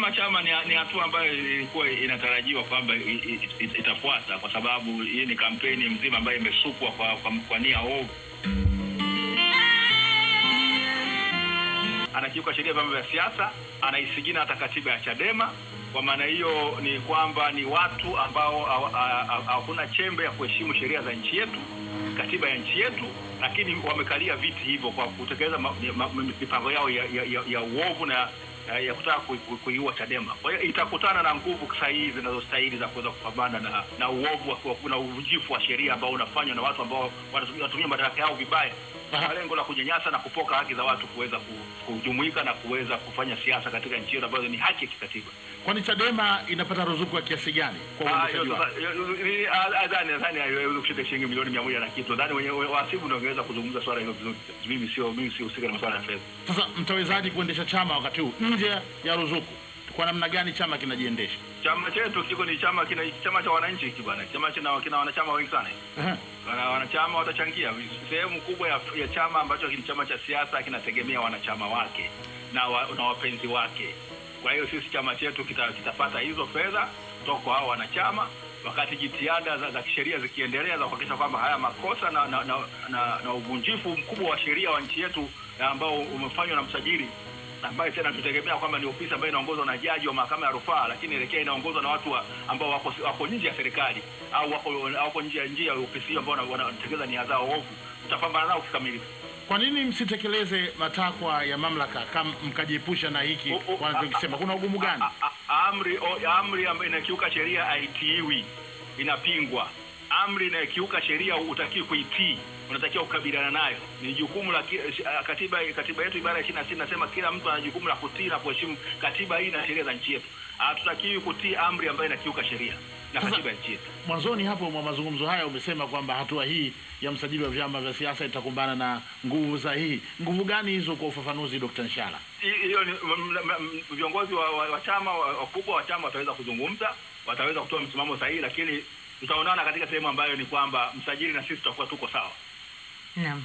chama chama ni, ni hatua ambayo ilikuwa inatarajiwa kwamba itafuata kwa sababu hii ni kampeni mzima ambayo imesukwa kwa, kwa, kwa nia ovu. Anakiuka sheria vyama vya siasa, anaisigina hata katiba ya Chadema. Kwa maana hiyo ni kwamba ni watu ambao hakuna chembe ya kuheshimu sheria za nchi yetu, katiba ya nchi yetu, lakini wamekalia viti hivyo kwa kutekeleza mipango yao ya, ya, ya, ya uovu na Eh, ya kutaka kuiua Chadema. Kwa hiyo itakutana na nguvu sahihi zinazostahili za kuweza kupambana na na uovu na uvunjifu wa sheria ambao unafanywa na watu ambao wanatumia madaraka yao vibaya na lengo la kunyanyasa na kupoka haki za watu kuweza kujumuika na kuweza kufanya siasa katika nchi yetu ambayo ni haki ya kikatiba. Kwani Chadema inapata ruzuku ya kiasi gani? Nadhani haiwezi kushika shilingi milioni mia moja na kitu. Nadhani wenye wasibu ndio wangeweza kuzungumza swala hilo vizuri. Mimi sio mimi sihusika na masuala ya fedha. Sasa mtawezaje kuendesha chama wakati huu nje ya ruzuku? Kwa namna gani chama kinajiendesha? chama chetu kiko ni chama kina chama cha wananchi hiki bwana, chama kina kina wanachama wengi sana uh -huh. wanachama watachangia sehemu kubwa ya, ya chama ambacho ni chama cha siasa kinategemea wanachama wake na, wa, na wapenzi wake. Kwa hiyo sisi chama chetu kita, kitapata hizo fedha kutoka kwa hao wanachama, wakati jitihada za, za kisheria zikiendelea za kuhakikisha kwamba haya makosa na, na, na, na, na uvunjifu mkubwa wa sheria wa nchi yetu ambao umefanywa na msajili ambaye tena tutegemea kwamba ni ofisi ambayo inaongozwa na jaji wa mahakama ya rufaa, lakini elekea inaongozwa na watu wa, ambao wako, wako nje ya serikali au wako, wako nje ya nje ya ofisi hiyo ambao wanatekeleza nia zao ovu. Tutapambana nao kikamilifu. Kwa nini msitekeleze matakwa ya mamlaka kama mkajiepusha na hiki wanachokisema? Kuna ugumu gani? Amri amri ambayo inakiuka sheria haitiiwi, inapingwa amri inayokiuka sheria hutakiwi kuitii, unatakiwa kukabiliana nayo. Ni jukumu la eh, katiba. Katiba yetu ibara ya ishirini na sita inasema kila mtu ana jukumu la kutii na kuheshimu katiba hii na sheria za nchi yetu. Hatutakiwi kutii amri ambayo inakiuka sheria na katiba ya nchi yetu. Mwanzoni hapo mwa mazungumzo haya umesema kwamba hatua hii ya msajili wa vyama vya siasa itakumbana na nguvu sahihi. Nguvu gani hizo kwa ufafanuzi, Dr. Nshala? Hiyo ni viongozi wa chama wakubwa wa chama wataweza kuzungumza, wataweza kutoa msimamo sahihi, lakini tutaonana katika sehemu ambayo ni kwamba msajili na sisi tutakuwa tuko sawa. Naam.